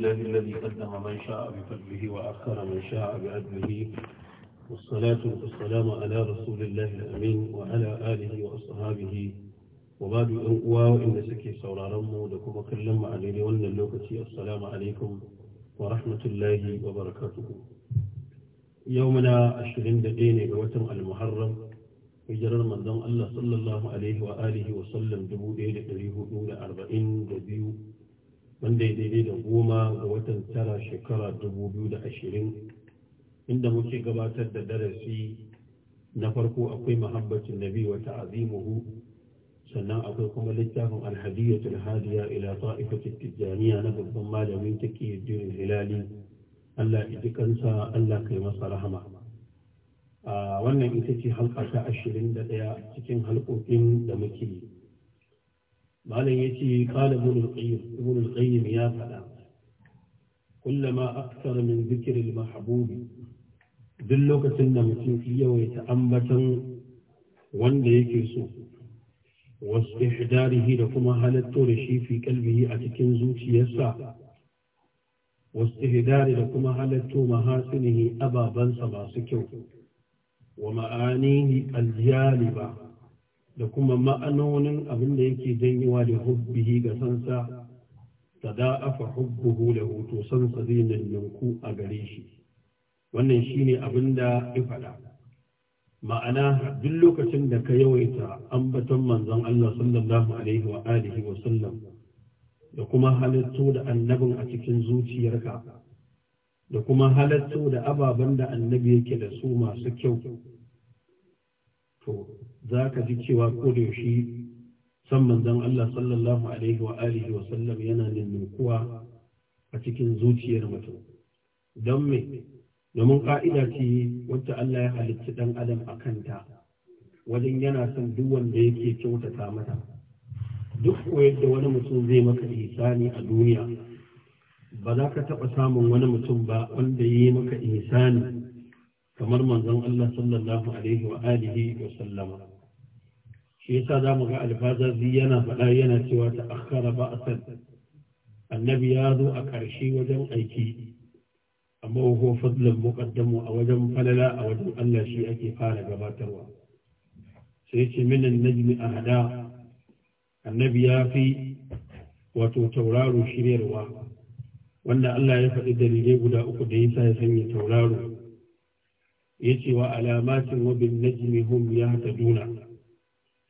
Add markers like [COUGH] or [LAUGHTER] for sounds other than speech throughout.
لله الذي قدم من شاء بفضله وأخر من شاء بعدله والصلاة والسلام على رسول الله الأمين وعلى آله وأصحابه وبعد أنقوا وإن سكي سورا رمو لكم وكلم عليه وأن اللوكتي السلام عليكم ورحمة الله وبركاته يومنا عشرين دقين وتم المحرم hijirar manzon Allah sallallahu Alaihi wa alihi wa sallam 1442 wanda ya daidai da goma ga watan tara shekara da ashirin, inda muke gabatar da darasi na farko akwai mahabbacin nabi wa ta'azimuhu sannan akwai kuma littafin alhadiyatul hadiya ila ta'ifatit tijaniya na babban malamin taqiyuddin hilali Allah ya ji Allah kai masa rahama a wannan ita ce halka ta ɗaya cikin halkokin da muke malam ya ce ibn al-qayyim ibn al-qayyim ya fada kullama akthar min dhikr al duk lokacin da mutum yawaita ambatan wanda yake so wasu ihdarihi da kuma halatto da shi fi kalbihi a cikin zuciyarsa wasu ihdari da kuma halatto mahasinihi ababansa masu kyau wa ma'anihi ba. da kuma ma'anonin abin da yake janyewa da hubbihi ga sansa ta da'afa hubbuhu da hoto sansa zai nannanku a gare shi wannan shi ne abin da ya faɗa ma'ana duk lokacin da ka yawaita ambaton manzon Allah sallallahu alaihi wa alihi wa sallam da kuma halittu da annabin a cikin zuciyarka da kuma halittu da ababen da annabi yake da su masu kyau za ka ji cewa ko da yaushe san manzon Allah sallallahu alaihi wa alihi wa sallam yana ninkuwa a cikin zuciyar mutum don me domin ka'ida ce wacce Allah ya halicci dan adam a kanta wajen yana son duk wanda yake kyautata mata duk da wani mutum zai maka ihsani a duniya ba za ka taɓa samun wani mutum ba wanda ya maka ihsani kamar manzon Allah sallallahu alaihi wa alihi wa sallama shi yasa za mu ga alfazazi yana faɗa yana cewa ta a ba'san annabi ya zo a ƙarshe wajen aiki amma ko fadlan muqaddamu a wajen falala a wajen Allah shi ake fara gabatarwa sai ce min najmi hada. annabi ya fi wato tauraro shiryarwa wanda Allah ya faɗi dalilai guda uku da yasa ya sanya tauraro ce wa alamacin wabin bin najmi hum yahtaduna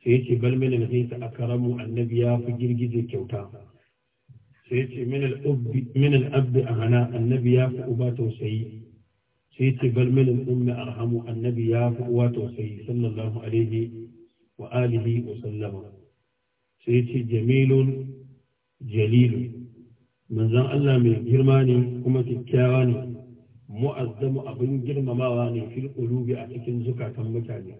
sai ce bal min al-hayy akramu annabi ya fi girgije kyauta sai ce min al-ubbi min al-abd ahana annabi ya fi uba tausayi sai ce bal min al-ummi arhamu annabi ya fi uwa tausayi sallallahu alaihi wa alihi wa sallama sai yace jamilun jalilun manzan Allah mai girma ne kuma kyakkyawa ne mu'azzamu abin girmamawa ne fil qulubi a cikin zukatan mutane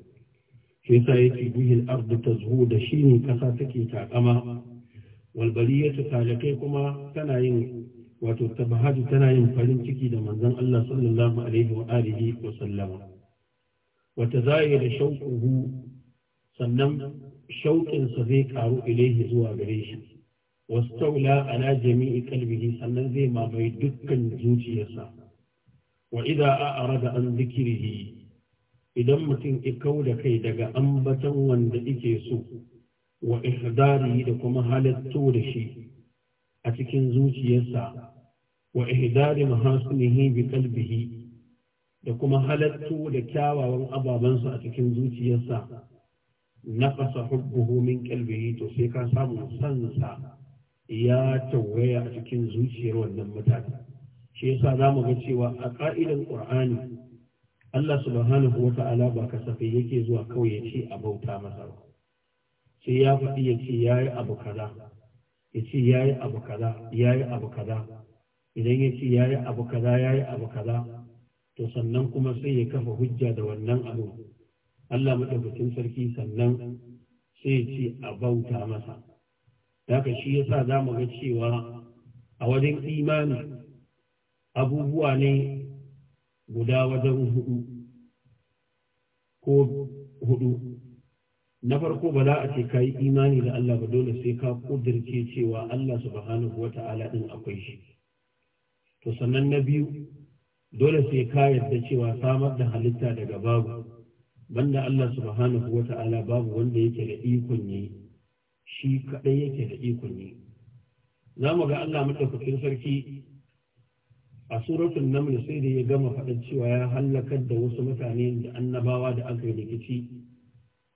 shi yake bihil ardu tazhu da shi ne kasa take takama Walbari yata talakai kuma tana yin wato tabahadu tana yin farin ciki da manzon Allah sallallahu alaihi wa alihi wa sallama wa tazayya sannan shauƙinsa zai karu ilaihi zuwa gare shi wastaula ala jami'i qalbihi sannan zai mamaye dukkan zuciyarsa wa idza a'rada an dhikrihi idan mutum ikau da kai daga ambaton wanda ike so wa ihdari da kuma halatto da shi a cikin zuciyarsa wa ihdari mahasunihi bi kalbihi da kuma halatto da kyawawan ababansa a cikin zuciyarsa naqasa hubbuhu min kalbihi to sai ka samu sansa ya tawaya a cikin zuciyar wannan mutane shi yasa zamu ga cewa a ka'idan qur'ani Allah subhanahu wa ta'ala ba kasafai yake zuwa kawai ya ce a bauta masa ba sai ya faɗi ya ce ya yi abu kaza ya ce ya yi abu kaza ya yi abu kaza idan ya ce ya yi abu kaza ya yi abu kaza to sannan kuma sai ya kafa hujja da wannan abu Allah maɗaukacin sarki sannan sai ya ce a bauta masa haka shi ya sa za mu ga cewa a wajen imani abubuwa ne guda wajen hudu ko hudu na farko ba za a ce ka yi imani da Allah ba dole sai ka kudirce cewa Allah subhanahu wa ta'ala din akwai shi to sannan na biyu dole sai ka yarda cewa samar da halitta daga babu banda Allah subhanahu wa ta'ala babu wanda yake da ikon yi shi kadai yake da ikon yi za mu ga Allah madaukakin sarki a suratul naml sai da ya gama faɗa cewa ya hallakar da wasu mutane da annabawa da aka yi rikici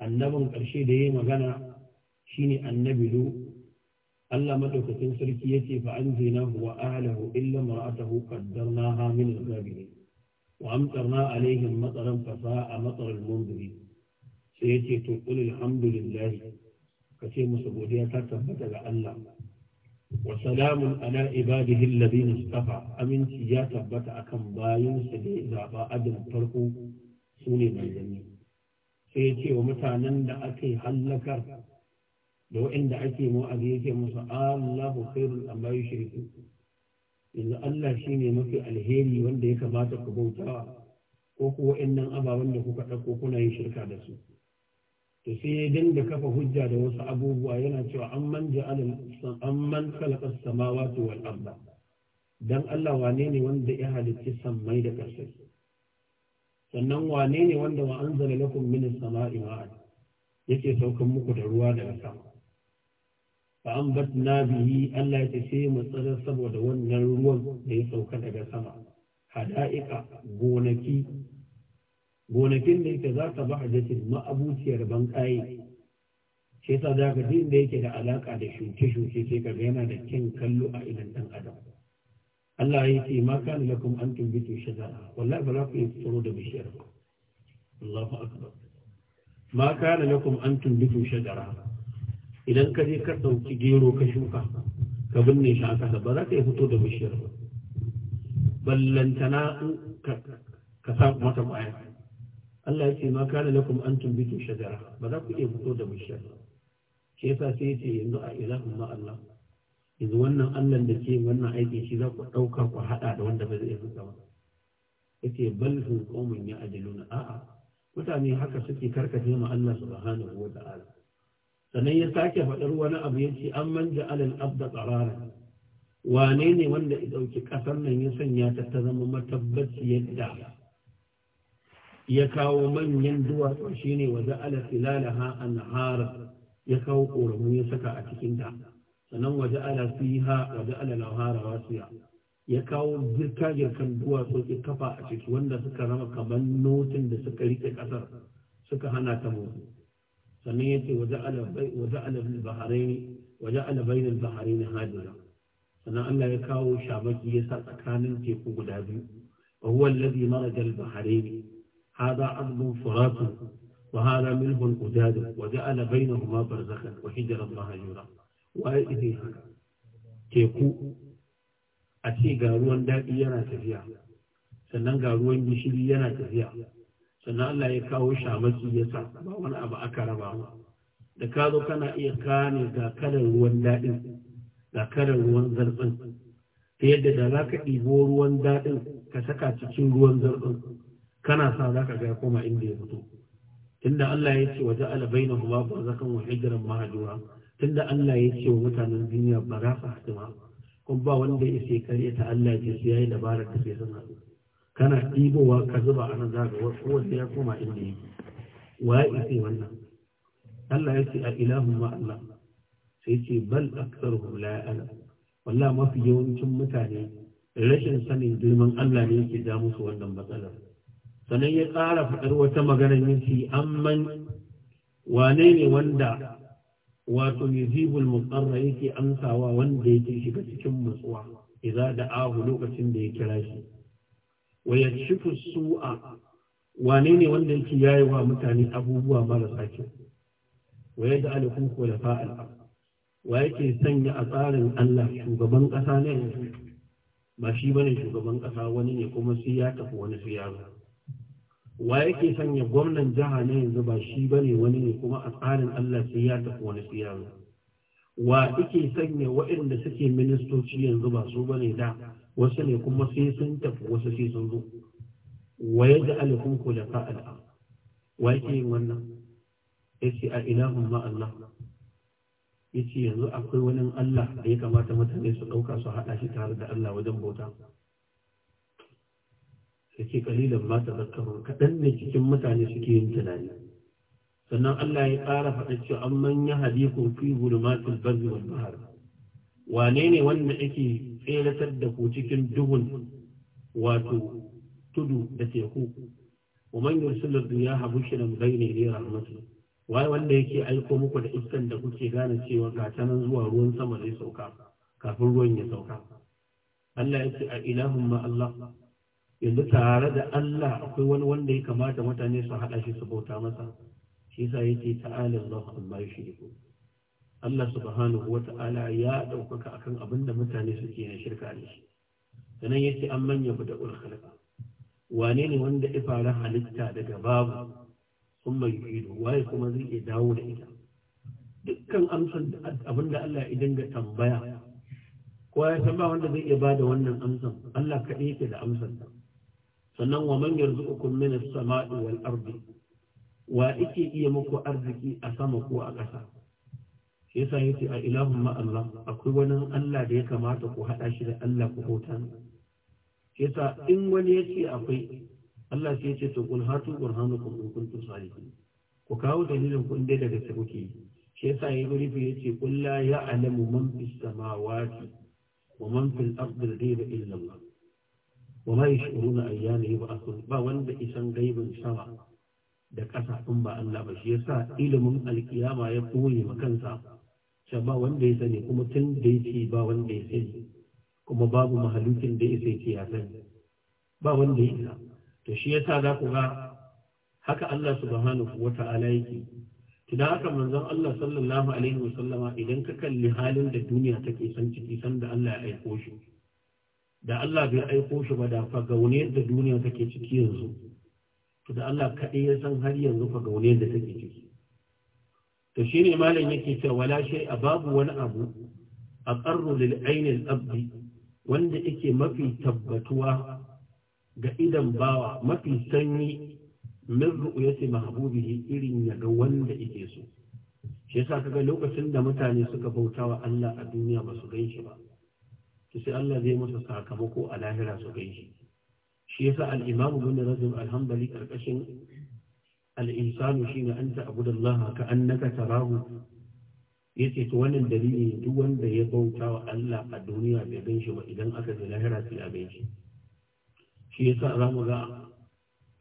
annabin ƙarshe da ya yi magana shine annabi lu Allah madaukakin sarki yace fa anzinahu wa ahlihi illa mar'atahu qaddarnaha min al-ghabirin wa amtarna alaihim mataran fa sa'a matar al-mundirin sai yace to qul alhamdulillah kace musu godiya ta tabbata ga Allah وسلام على عباده kafa aminci ya tabbata akan اكن باين سدي زابا ادم farko سوني من جنني sai ce wa mutanen da aka yi hallakar da wa'inda ake mu a yake musu Allahu khairul ambayu shirku yanzu Allah shi ne mafi alheri wanda ya kamata ku bautawa ko kuwa wa'innan ababen da kuka ɗauko kuna yin shirka da su. to sai ya da kafa hujja da wasu abubuwa yana cewa an man ja'ala an man khalaqa samawati wal arda dan Allah wane ne wanda ya halicci samai da ƙasa sannan wane ne wanda wa anzala lakum as sama'i ma'a yake saukan muku da ruwa daga sama fa na bihi Allah ya ce mu tsara saboda wannan ruwan da ya sauka daga sama hada'ika gonaki gonakin da yake za ta ba a jasin ma'abuciyar bankaye shi yasa za ka jin da yake da alaka da shuke-shuke sai ka yana da kyan kallo a idan ɗan adam Allah ya ce ma kan lakum an tumbitu shajara wallahi ba za ku yi tsoro da bishiyar ba Allahu akbar ma kan lakum an tumbitu shajara idan ka je ka dauki gero ka shuka ka binne shi a kasa ba za ka yi fito da bishiyar ba ballantana ka sa mata ƙwaya Allah ya ce ma kana lakum an tumbitu shajara ba za ku iya fito da bishiyar ba shi yasa sai ce yanzu a ilahun umma Allah yanzu wannan Allah da ke wannan aikin shi za ku ɗauka ku haɗa da wanda ba zai iya fita ba yace bal hum qaumun ya'diluna a'a mutane haka suke karkace ma Allah subhanahu wa ta'ala sannan ya sake faɗar wani abu ya ce an manja alal abda tsarara wane ne wanda ya ɗauki ƙasar nan ya sanya ta ta zama matabbaci yadda ya kawo manyan duwatsu shine wa ja'ala filalaha anhar ya kawo koramu ya saka a cikin ta sannan wa ja'ala fiha wa ja'ala lahara wasiya ya kawo girka girkan duwatsu ya kafa a ciki wanda suka rama kaman notin da suka rike kasar suka hana ta motsi sannan yace wa ja'ala wa ja'ala bil bahrain wa hadira sannan Allah ya kawo shabaki ya sa tsakanin teku guda biyu wa huwa alladhi maraja al هذا أرض فرات وهذا ملح أجاد وجعل بينهما برزخا وحجرا مهجورا وإذن هكا teku a ci ga ruwan daɗi yana tafiya sannan ga ruwan gishiri yana tafiya sannan Allah ya kawo shamaki yasa ba wani abu aka raba ba da ka zo kana iya kare ga kalar ruwan daɗin ga kalar ruwan zartsin ta yadda da za ka ɗibo ruwan daɗin ka saka cikin ruwan zartsin kana sa za ka ga koma inda ya fito tunda Allah ya ce waje ala baina huma barzakan wa hijran mahjura tunda Allah ya ce wa mutanen duniya ba za su hatima kuma ba wanda ya isa kare ta Allah ya ce yayi dabarar da sai sana kana ɗibowa ka zuba a nan zaga wasu wanda ya koma inda yake wa ya ce wannan Allah ya ce a ilahun ma Allah sai ce bal aktsaruhum la ya'lam wallahi mafi yawancin mutane rashin sanin girman Allah ne yake ja musu wannan matsalar sannan ya ƙara faɗar wata maganar yanci amman wane ne wanda wato yuzibul mutsarra yake amsawa wanda yake shiga cikin matsuwa idza da'ahu lokacin da ya kira shi wa yakshifu su'a wane ne wanda yake yayewa mutane abubuwa marasa kyau wa yaj'alukum khulafa al-ard wa yake sanya a tsarin Allah shugaban ƙasa ne ba shi bane shugaban ƙasa wani ne kuma sai ya tafi wani sai ya zo wa yake sanya gwamnan jiha na yanzu ba shi ba ne wani ne kuma a tsarin Allah sai ya tafi wani sai ya zo wa yake sanya waɗanda suke ministoci yanzu ba su ba ne da wasu ne kuma sai sun tafi wasu sai sun zo wa ya da alifin kula fa al'am wa yake yin wannan ya ce a ilahun ma Allah ya ce yanzu akwai wani Allah da ya kamata mutane su ɗauka su haɗa shi tare da Allah wajen bauta yake kalilan ma zakaru kaɗan ne cikin mutane suke yin tunani sannan Allah ya ƙara faɗa cewa an manya hadikun fi gulumatul barri wal bahr wane ne wanda yake tseratar da ku cikin duhun wato tudu da teku wa man yursilu riyaha bushran bayna yaday rahmatihi wai wanda yake aiko muku da iskan da kuke gane cewa ga zuwa ruwan sama zai sauka kafin ruwan ya sauka Allah ya a ilahun ma Allah yanzu tare da Allah akwai wani wanda ya kamata mutane su haɗa shi su bauta masa shi yasa yake ta'ala Allah amma ya shirku Allah subhanahu wa ta'ala ya ɗaukaka akan abin da mutane suke na shirka da shi sanan yace an manya da ulkhalqa wane ne wanda ya fara halitta daga babu sun mai ido waye kuma zai iya dawo da ita dukkan amsar abin da Allah ya dinga tambaya kowa ya san ba wanda zai iya bada wannan amsar Allah kaɗai yake da amsar sannan wa man yarzuqukum min as-sama'i wal ardi wa yake iya muku arziki a sama ko a ƙasa shi yasa yace a ilahun ma Allah akwai wani Allah da ya kamata ku hada shi da Allah ku bauta shi yasa in wani yace akwai Allah sai yace to kul hatu burhanukum in kuntum salihin ku kawo dalilin ku inda daga sai kuke yi shi yasa ya guri fi yace qul la ya'lamu man fis samawati wa man fil ardi ghaiba illa Allah wa ma yashuruna ayyana yub'athun ba wanda isan gaibin sama da ƙasa in ba Allah ba shi yasa ilimin alkiyama ya koye ma kansa sai ba wanda ya sani kuma tun da yake ba wanda ya sani kuma babu mahalukin da ya sai ya sani ba wanda ya isa to shi yasa za ku ga haka Allah subhanahu wata'ala yake idan haka manzon Allah sallallahu alaihi sallama idan ka kalli halin da duniya take son ciki sanda Allah ya aiko shi da Allah bai aiko shi ba da fagaune da duniya take ciki yanzu to da Allah kaɗai ya san har yanzu fagaune da take ciki to shi ne malam yake cewa wala shay a babu wani abu a qarru lil ainil abdi wanda yake mafi tabbatuwa ga idan bawa mafi sanyi min ru'yati mahbubihi irin ya ga wanda yake so shi yasa kaga lokacin da mutane suka bautawa Allah a duniya ba su gan ba to sai Allah zai masa sakamako a lahira su kai shi shi yasa al-imamu bin razim al-hanbali karkashin al-insanu shine anta abudallaha ka annaka tarahu yace to wannan dalili duk wanda ya bauta wa Allah a duniya bai gan shi ba idan aka ji lahira sai a gan shi shi yasa za mu ga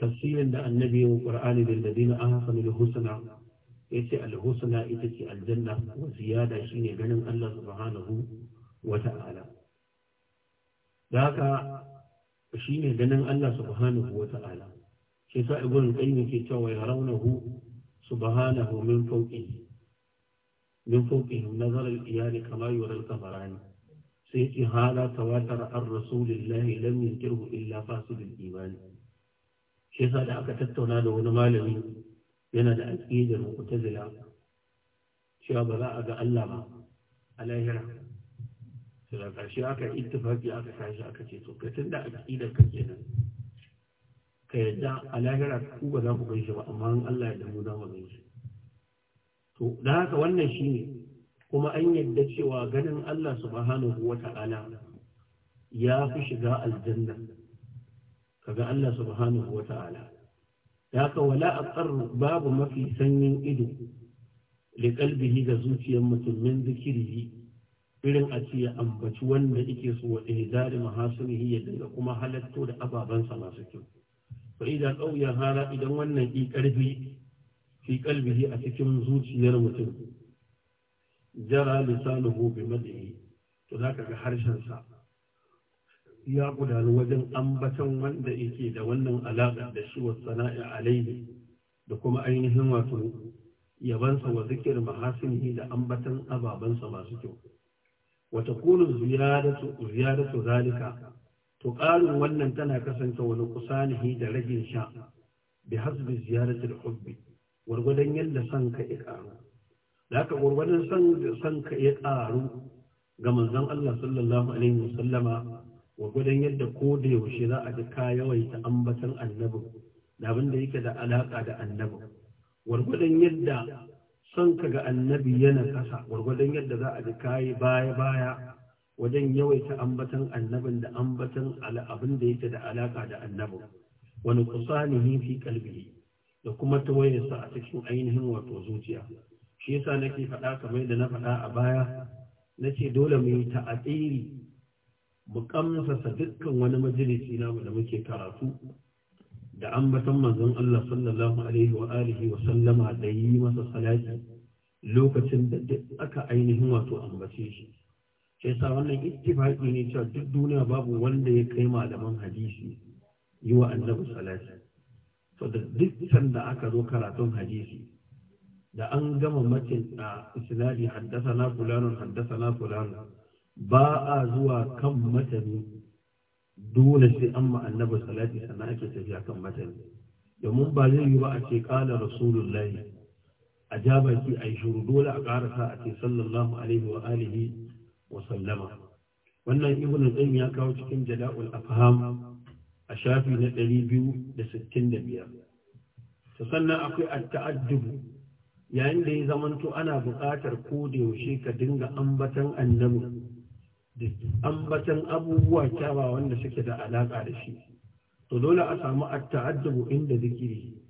tafsirin da annabi wa qur'ani lil ladina ahsanu al-husna yace al-husna ita ce aljanna wa ziyada shine ganin Allah subhanahu wa ta'ala da haka shi ne ganin Allah subhanahu wa ta'ala shi sa ibn qayyim ke cewa ya raunahu subhanahu min fawqihi min fauƙin nazar iyali kamar yura al-qamarani sai ce hada tawatar an rasulillahi lam yankirhu illa fasu iman shi sa da aka tattauna da wani malami yana da aqidar mu'tazila cewa ba za a ga Allah ba a lahira su ƙarshe aka ittifaki aka tashi aka ce to ka tunda a ƙidar ka kenan ka yadda a lahira ku ba za ku gan shi ba amma in Allah ya damu za mu gan to da haka wannan shine kuma an yadda cewa ganin Allah subhanahu wa ta'ala ya fi shiga aljanna kaga Allah subhanahu wa ta'ala ya haka wala aqarru babu mafi sanyin ido li qalbihi ga zuciyar mutum min irin a ce ya ambaci wanda yake so wa ihdari mahasunihi ya dinga kuma halatto da ababansa masu kyau fa idan qawya hara idan wannan i karfi fi qalbihi a cikin zuciyar mutum jara lisanuhu bi madhi to zaka ga harshen sa ya gudana wajen ambatan wanda yake da wannan alaƙa da shi wa sana'i alaihi da kuma ainihin wato yabansa wa zikir mahasinihi da ambatan ababansa masu kyau wata kunu ziyaratu zalika to ƙarin wannan tana kasance wani kusanihi da ragin sha bi hasbi ziyaratul hubbi gwargwadon yadda son ka ya ƙaru da haka gwargwadon son ka ya ƙaru ga manzon Allah sallallahu alaihi wasallama gwargwadon yadda ko da yaushe za a ji ka yawaita ambatan annabin, da abin da yake da alaƙa da annabi gwargwadon yadda son ka ga annabi yana kasa gwargwadon yadda za a ji kayi baya baya wajen yawaita ambatan annabin da ambatan abin da yake da alaka da annabin wani kusanihi fi kalbihi da kuma tawayarsa a cikin ainihin wato zuciya shi yasa nake faɗa kamar da na faɗa a baya nace dole mu yi ta'atiri mu kamsasa dukkan wani majalisi namu da muke karatu da ambatan manzon Allah sallallahu alaihi wa alihi wa sallama da yi masa salati lokacin da aka ainihin wato ambace shi sai sa wannan ittifaqi ne cewa duk duniya babu wanda ya kai malaman hadisi yi wa annabi salati to da duk sanda aka zo karatun hadisi da an gama macin a isnadi haddasa na fulanun haddasa na fulanun ba a zuwa kan matanin. dole sai an ma annabi salati sannan ake tafiya kan matan domin ba zai yi ba a ce kala rasulullahi a ja baki a yi shuru dole a karasa a ce sallallahu alaihi wa alihi wa sallama wannan ibnu qayyim ya kawo cikin jala'ul afham a shafi na 265 sannan akwai at-ta'addub yayin da ya zamanto ana buƙatar ko da yaushe ka dinga ambatan annabi da ambatan abubuwa kyawa wanda suke da alaƙa da shi to dole a samu taaddubu inda zikiri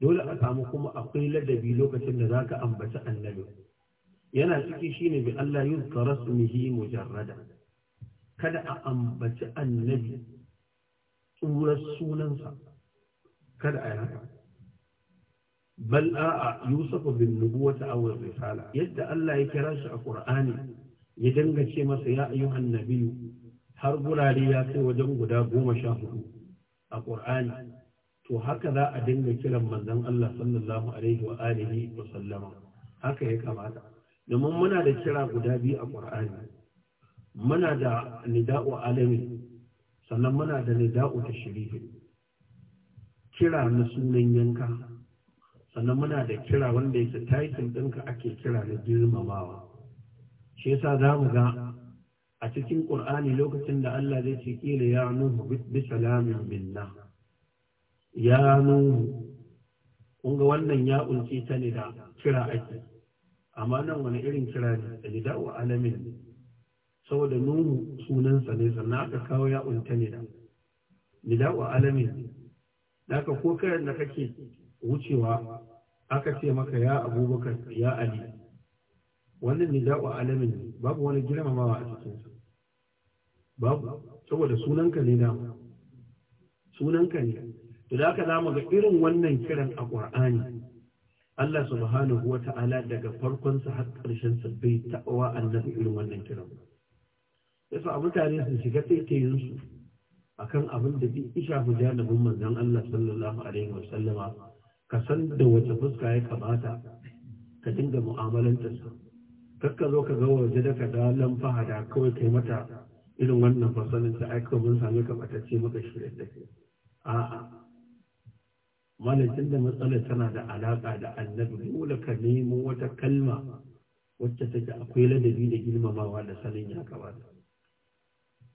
dole a samu kuma akwai ladabi lokacin da zaka ambaci annabi yana ciki shine bi Allah yuzkara ismihi mujarrada kada a ambaci annabi tsurar sunansa kada a yi haka bal a'a yusufu bin nubuwata aw risala yadda Allah ya kira shi a Qur'ani ya dinga ce masa ya ayyu annabi har gurare ya kai wajen guda goma sha hudu a ƙur'ani to haka za a dinga kiran manzon Allah sallallahu alaihi wa alihi wa sallama haka ya kamata domin muna da kira guda biyu a ƙur'ani muna da nida'u alami sannan muna da nida'u tashrihi kira na sunan yanka sannan muna da kira wanda yake title ɗinka ake kira na girmamawa shi yasa za mu ga a cikin ƙur'ani lokacin da Allah zai ce kila ya nuhu bi salamin minna ya nuhu kun ga wannan ya ulce ta ne da kira ake amma nan wani irin kira ne da wa alamin saboda nuhu sunansa ne sannan aka kawo ya ne da Ni wa alamin da ko kiran da kake wucewa aka ce maka ya abubakar ya ali wannan nida'u alamin ne babu wani girmamawa a cikinsa babu saboda sunanka ne da sunanka ne to da aka mu ga irin wannan kiran a ƙur'ani Allah subhanahu wa ta'ala daga farkon sa har ƙarshen sa bai ta'awa annabi irin wannan kiran yasa a mutane su shiga taitayin su akan abin da bi isha hu janibin manzon Allah sallallahu alaihi wa sallama ka san da wace fuska ya kamata ka dinga mu'amalantar sa kakka zo ka ga waje da ka da lamfa da kawai kai mata irin wannan fasalin ta aika mun sami ka ce maka shirya da ke a'a malakin da matsalar tana da alaka da annabi dole ka nemo wata kalma wacce take akwai ladabi da girmamawa da sanin ya kamata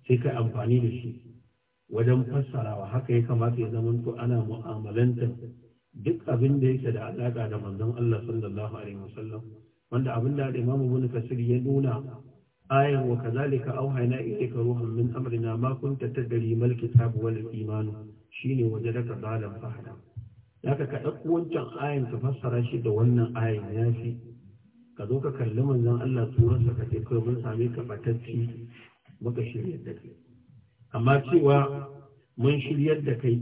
sai ka amfani da shi wajen fassarawa haka ya kamata ya zama to ana mu'amalanta duk abin da yake da alaka da manzon Allah sallallahu alaihi wasallam wanda abin da imamu bin kasir ya nuna ayan wa kazalika auhayna ka ruhan min amrina ma kunta tadri mal kitab wal iman shine wajadaka zalim fahada zaka ka dauko wancan ayan ka fassara shi da wannan ayan yafi ka zo ka kalli manzon Allah surarsa ka ce kai mun same ka batacci muka shirya da kai amma cewa mun shiryar da kai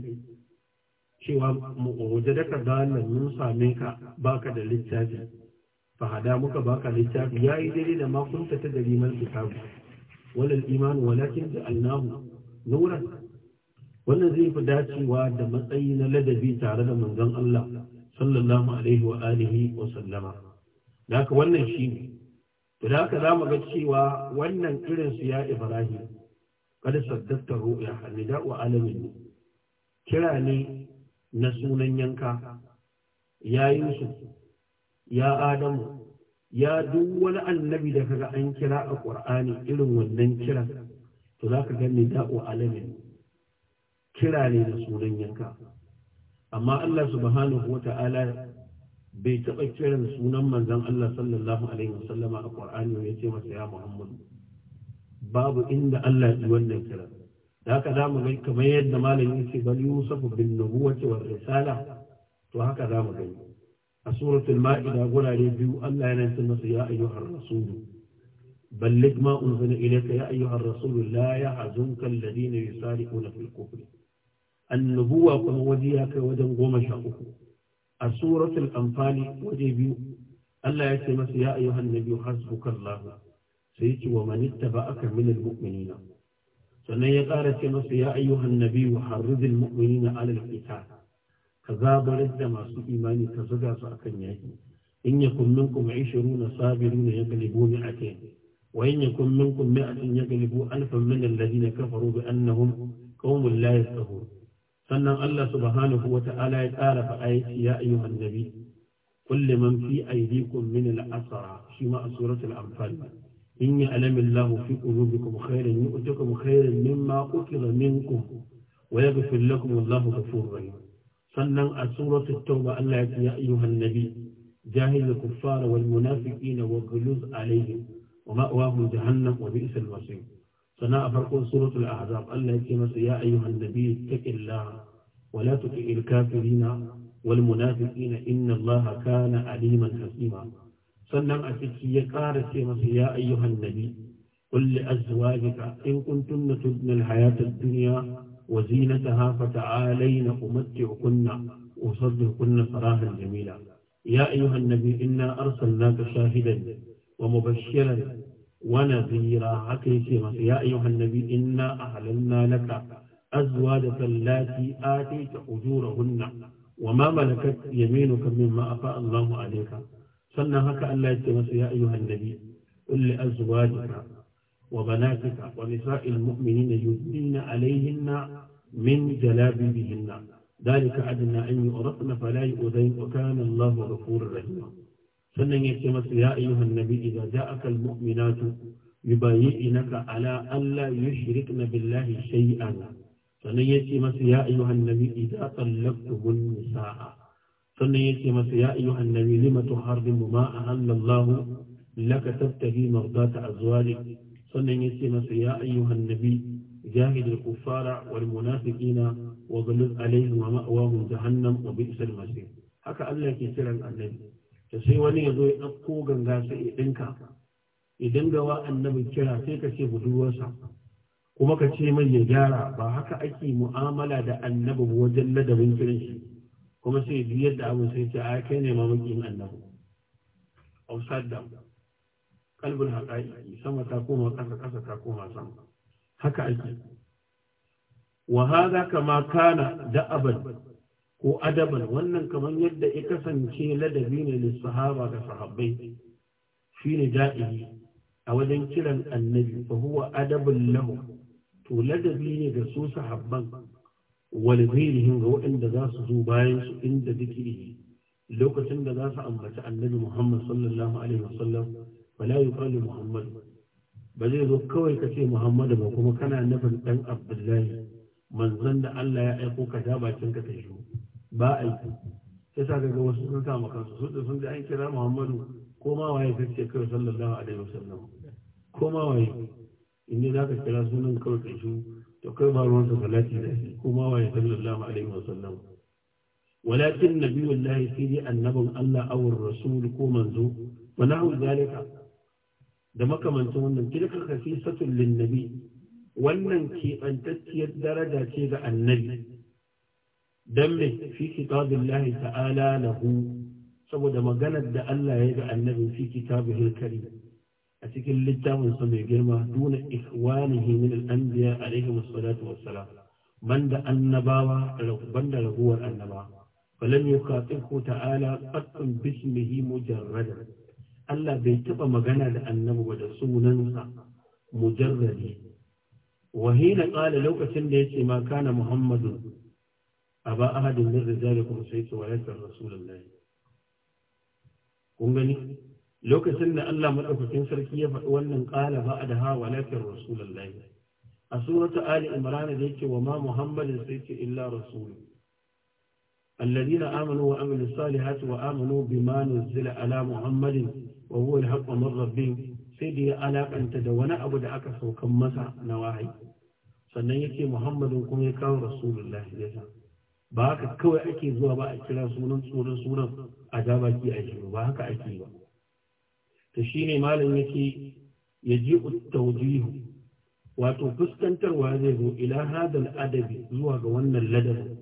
cewa wajadaka zalim mun same ka baka da littafi fahada muka baka littafi ya yi daidai da makunta ta gari mal kitabu walal iman walakin da allahu nuran wannan zai fi dacewa da matsayi na ladabi tare da manzon Allah sallallahu alaihi wa alihi wa sallama haka wannan shi ne to da haka za mu ga cewa wannan irin su ya Ibrahim kada saddaqta ru'ya hanida wa alamin kira ne na sunan yanka ya Yusuf ya adamu ya duk wani annabi da kaga an kira a ƙur'ani irin wannan kiran, to za ka gani da'u alamin kira ne da sunan yanka amma Allah subhanahu Ta'ala bai taɓa kiran sunan manzon Allah sallallahu alaihi wasallama a ƙur'ani ya ce masa ya Muhammadu babu inda Allah ya wannan kiran. da haka za mu ga kamar yadda malamin yake bal Yusuf bin nubuwati war risala to haka za mu gani a suratul ma'ida gurare biyu Allah ya ce masa ya ayyuhar rasulu balligh ma unzila ilayka ya ayyuhar rasulu la yahzunka alladhina yusari'una fil kufri annubuwa kuma waje ya kai wajen goma sha uku a suratul anfali waje biyu Allah ya ce masa ya ayyuhan nabiyyu hasbukallah sai yace wa man ittaba'aka minal mu'minina sannan ya ƙara ce masa ya ayyuhan nabiyyu harrizil mu'minina alal qital ka zabarar da masu imani ka zuga su akan yaki in yakun minkum 20 sabiruna yaghlibu ake. wa in yakun minkum mi'atun yaghlibu alfan min alladhina kafaru bi annahum qaumun la yafqahun sannan Allah subhanahu wa ta'ala ya tsara fa ayati ya ayyuhan nabi قل لمن في أيديكم من الأسرى فيما سورة الأنفال إن يعلم الله في قلوبكم خيرا يؤتكم خيرا مما قتل منكم ويغفر لكم والله غفور رحيم sannan a suratul tauba Allah ya ce ya ayyuhan nabi jahil kuffara wal munafiqina wa ghuluz alaihim wa ma'wahum jahannam wa bi'sal masir sannan a farkon suratul ahzab Allah ya ce masa ya ayyuhan nabi taqillaha wa la tuti'il kafirina wal munafiqina inna Allah kana aliman hasima sannan a ciki ya ƙara ce masa ya ayyuhan nabi qul li in kun tudna al hayata duniya. وزينتها فتعالين أمتعكن وصدقكن صراحا جميلا يا أيها النبي إنا أرسلناك شاهدا ومبشرا ونذيرا حتى يا أيها النبي إنا أعلنا لك أزواجك اللاتي آتيت أجورهن وما ملكت يمينك مما أفاء الله عليك سنهك أن لا يا أيها النبي قل لأزواجك وبناتك ونساء المؤمنين يدنين عليهن من جلابيبهن ذلك أدنى أن يؤرقن فلا يؤذين وكان الله غفورا رحيما سنة يكتمس يا أيها النبي إذا جاءك المؤمنات يبايعنك على أن لا يشركن بالله شيئا سنة يكتمس يا أيها النبي إذا طلقتم النساء سنة يكتمس يا أيها النبي لم تحرم ما أهل الله لك تبتغي مرضات أزواجك sannan ya ce masa ya ayyuhan nabi jahid al-kuffara wal munafiqina wa ghalid alaihim wa ma'awahum jahannam wa bi'sal masir haka Allah ke kiran annabi to sai wani ya zo ya ɗauko ganga sai ya ɗinka idan gawa annabi kira sai ka ce budurwarsa kuma ka ce mai ya gyara ba haka ake mu'amala da annabi wajen ladabin kiran shi kuma sai biyar da abin sai ce a kai ne mamakin annabi. Ausar da kalbul haƙa'i sama ta koma ƙasa ƙasa ta koma sama haka ake wa hada kama kana da'aban ko adaban wannan kamar yadda ya kasance ladabi ne da sahaba ga sahabbai shine da'i a wajen kiran annabi fa huwa adabun lahu to ladabi ne ga su sahabban wal ga waɗanda za su zo bayan su inda zikiri lokacin da za su ambaci annabi Muhammad sallallahu alaihi wasallam wala yuqalu Muhammadu. ba zai zo kawai ka ce muhammadu ba kuma kana nufin ɗan abdullahi manzon da Allah ya aiko ka ja bakin ka tashi ba aiki sai sa ga wasu sun sa kansu su sun da an kira muhammadu ko ma waye ce kai sallallahu alaihi wasallam ko ma waye inda za ka kira sunan kawai tashi to kai ba ruwan salati da shi ko ma waye sallallahu alaihi wasallam walakin nabiyullahi sai annaban Allah awur rasul ko manzo wa nahu zalika da makamantan wannan tilka khasisatun linnabi wannan keɓantacciyar daraja ce ga annabi don me fi kitabillahi ta'ala lahu saboda maganar da Allah ya ga annabi fi kitabihil karim a cikin littafin sa mai girma duna ikhwanihi min al a alaihi wassalatu Wasala. banda annabawa banda raguwar annabawa falam yuqatihu ta'ala qatun bismihi mujarrada Allah bai taɓa magana da annabi ba da sunansa mujarradi wahina ƙala lokacin da ya ce ma kana muhammadu a ba ahadin min kuma sai ce walakin rasulullahi kun gani lokacin da Allah madaukakin sarki ya faɗi wannan ƙala ba da ha walakin rasulullahi a surata ali imran da yake wa ma muhammadin sai ce illa Alladina rasulullahi الذين آمنوا وعملوا wa وآمنوا بما نزل ala Muhammadin. wa huwa al min sai da ya alakanta da wani abu da aka saukan masa na wahayi sannan yake Muhammadu kuma ya kawo rasulullah ya sa ba haka kawai ake zuwa ba a kira sunan tsoron sunan a jabaki a shi ba haka ake ba shi ne malam yake ya ji tawjihu wato fuskantarwa zai zo ila hadal adabi zuwa ga wannan ladabi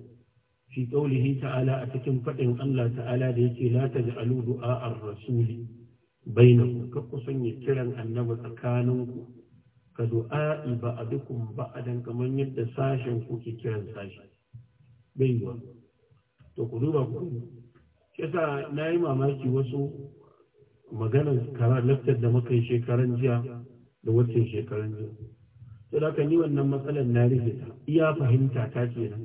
fi qaulihi ta'ala a cikin fadin Allah ta'ala da yake la taj'alu du'a ar-rasuli bainakum ka kusan ya kiran annabi tsakaninku ka du'a'i ba'adukum ba'adan kamar yadda sashen ku ke kiran sashi baiwa to ku duba ku kisa na yi mamaki wasu maganar kara laftar da muka yi shekaran jiya da wacce shekaran jiya sai da ni wannan matsalar na rike ta iya fahimta ta kenan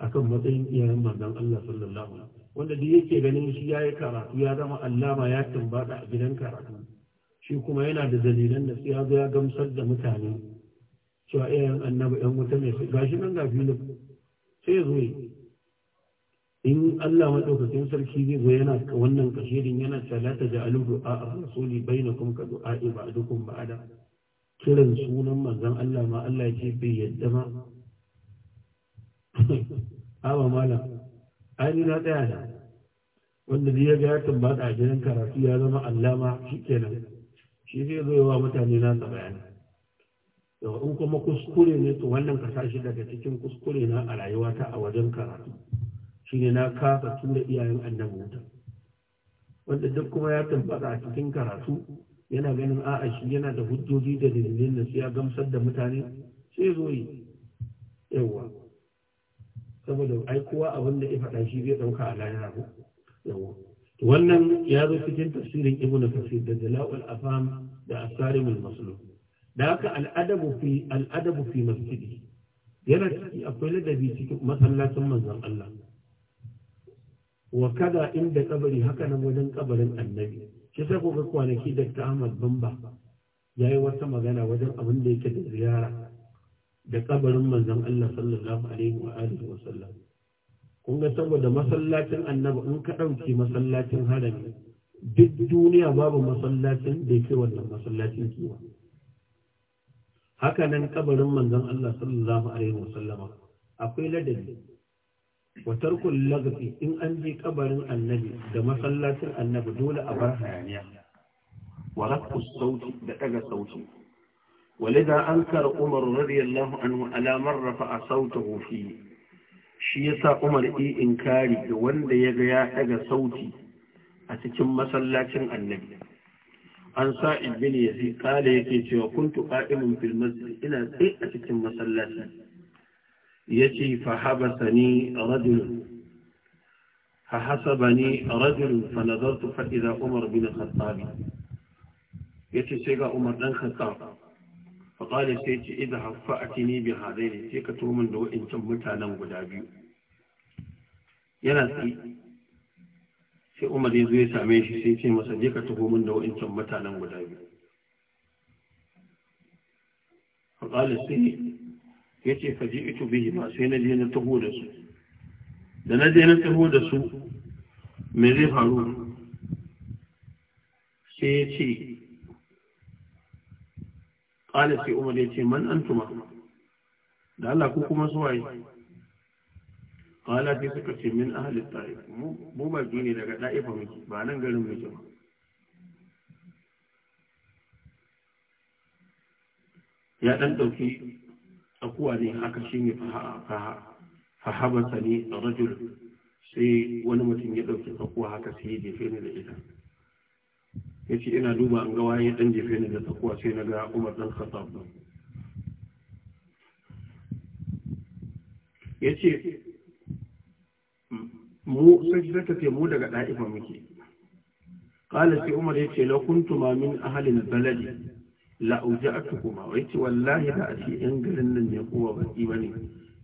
akan matsayin iyayen manzon Allah sallallahu alaihi wanda duk yake ganin shi ya yi karatu ya zama allama ya tambada a gidan karatu shi kuma yana da dalilan da ya zo ya gamsar da mutane cewa iyayen annabi yan wuta ne ga shi nan ga filin sai ya zo in Allah maɗaukacin sarki zai zo yana ka wannan kashirin yana talata da alu du'a a rasuli bainakum ka du'a ibadukum ba'ada kiran sunan manzon Allah ma Allah ya ce bai yadda ma [LAUGHS] malam ainihin na tsaya da. wanda zai ga ya tambata a gidan karatu ya zama allama shi kenan shi zai zo wa mutane nasa bayani yau in kuma kuskure ne to wannan ka shi daga cikin kuskure na a rayuwa ta a wajen karatu Shi ne na kasa tun da iyayen annabi wuta wanda duk kuma ya tambata a cikin karatu yana ganin a'a shi yana da hujjoji da dalilin da su ya gamsar da mutane sai zo yi yawa saboda ai kowa abin da ya faɗa shi zai ɗauka a lahira ba. wannan ya zo cikin tafsirin ibnu kasir da jala'ul afam da asarimul maslum da haka al'adabu fi al'adabu fi masjidi yana ciki akwai ladabi cikin masallacin manzon Allah wa kada inda kabari haka nan wajen kabarin annabi shi sai kwanaki da Ahmad Bamba yayi wata magana wajen abin da yake da ziyara da kabarin manzon Allah sallallahu alaihi wa alihi wa sallam kun ga saboda masallacin annabi in ka dauke masallacin harami duk duniya babu masallacin da yake wannan masallacin kiwa haka nan kabarin manzon Allah sallallahu alaihi wa sallama akwai ladabi wa tarkul lagafi in an je kabarin annabi da masallacin annabi dole a bar hayaniya wa rafu sauti da daga sauti ولذا أنكر عمر رضي الله عنه على من رفع صوته فيه shi ya sa Umar i inkari da wanda ya ga ya daga sauti a cikin masallacin Annabi an sa ibn Yazid kale yake cewa kuntu qa'imun fil masjid ina tsaye a cikin masallaci yace fa habasani rajul fa hasabani rajul fa nadartu fa idha Umar bin Khattab yace sai ga Umar dan Khattab faƙali sai ce idan haffa a tini bi hazai ne sai ka turmin da wa'incan mutanen guda biyu yana tsaye sai umar ya zo ya same shi sai ce masa je ka taho min da wa'incan mutanen guda biyu faƙali sai ya ce faji ito bihi ma sai na je na taho da su da na je na taho da su me zai faru sai ya ce ƙala sai umar ya ce man antuma da Allah ku kuma suwaye ƙala sai suka ce min ahalin ta'if mu baki ne daga ɗa'ifa miki ba nan garin muke ba ya ɗan ɗauki tsakuwa ne haka shi ne fahabasa ne rajul sai wani mutum ya ɗauki tsakuwa haka sai ya jefe ni da ita ya ce ina duba an gawa ya ɗan jefe ni da tsakuwa sai na ga umar ɗan khattab ɗin ya ce mu sai zaka ce mu daga ɗa'ifa muke ƙala sai umar ya ce lakuntuma min ahalin baladi la'uja'atukuma wai ce wallahi da a ci ‘yan garin nan ne kowa ba ne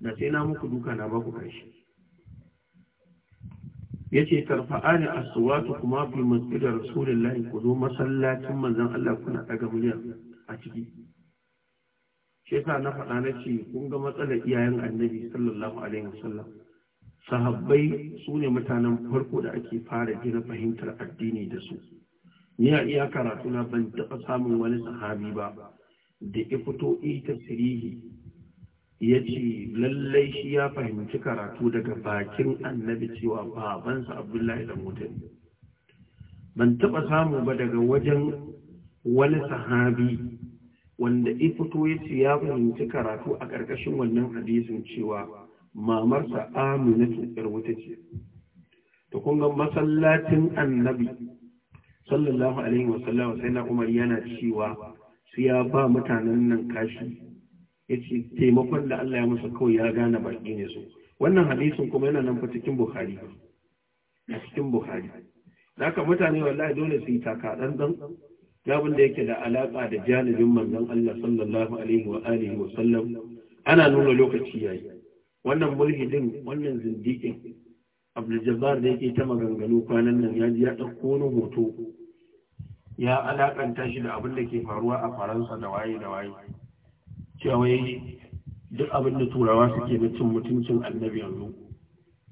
da sai na muku duka na ba ku kashi Ya yace tarfa'ani aswatu kuma fi masjidar rasulullahi ku zo masallacin manzon Allah kuna daga murya a ciki shi yasa na faɗa na ce kun ga matsalar iyayen annabi sallallahu alaihi wasallam sahabbai su ne mutanen farko da ake fara gina fahimtar addini da su ni a iya karatu na ban taɓa samun wani sahabi ba da ya fito ita sirihi ya ce lallai shi ya fahimci karatu daga bakin annabi cewa babansa abdullahi da mutum ban taɓa samu ba daga wajen wani sahabi wanda ifito ya ce ya fahimci karatu a ƙarƙashin wannan hadisin cewa mamarsa amina yar wuta ce da kunga masallacin annabi sallallahu alaihi wasallam sai na umar yana cewa su ya ba mutanen nan kashi yace taimakon da Allah ya masa kawai ya gane baki ne su wannan hadisin kuma yana nan fa cikin Bukhari a cikin Bukhari haka mutane wallahi dole su yi taka dan dan abin da yake da alaka da janibin manzon Allah sallallahu alaihi wa alihi wa sallam ana nuna lokaci yayi wannan mulhidin wannan zindikin Abdul Jabbar da yake ta maganganu kwanan nan ya ji ya dauko wani hoto ya alakanta shi da abin da ke faruwa a Faransa da waye da waye cewa duk abin da turawa suke na cin mutuncin annabi yanzu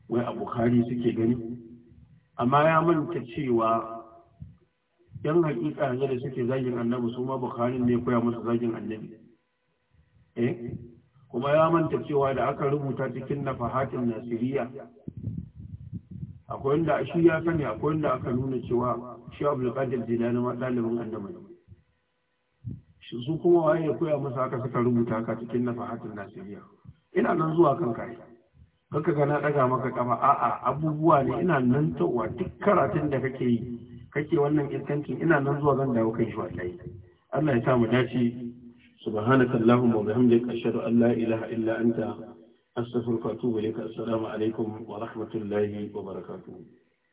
wai a bukari suke gani amma ya manta cewa yan hakika yanzu da suke zagin annabi su ma bukari ne koya musu zagin annabi eh kuma ya manta cewa da aka rubuta cikin nafahatin nasiriya akwai wanda shi ya sani akwai wanda aka nuna cewa shi abdulkadir jilani ma ɗalibin annabi shi su kuma waye ya koya masa haka suka rubuta haka cikin nafahatin nasiriya ina nan zuwa kan kai kaka ga na daga maka kafa a'a abubuwa ne ina nan tawa duk karatun da kake yi kake wannan iskancin ina nan zuwa zan dawo kai shi wallahi Allah ya sa mu dace subhanaka allahumma wa bihamdika ashhadu an la ilaha illa anta astaghfiruka wa atubu ilaik assalamu alaikum wa rahmatullahi wa barakatuh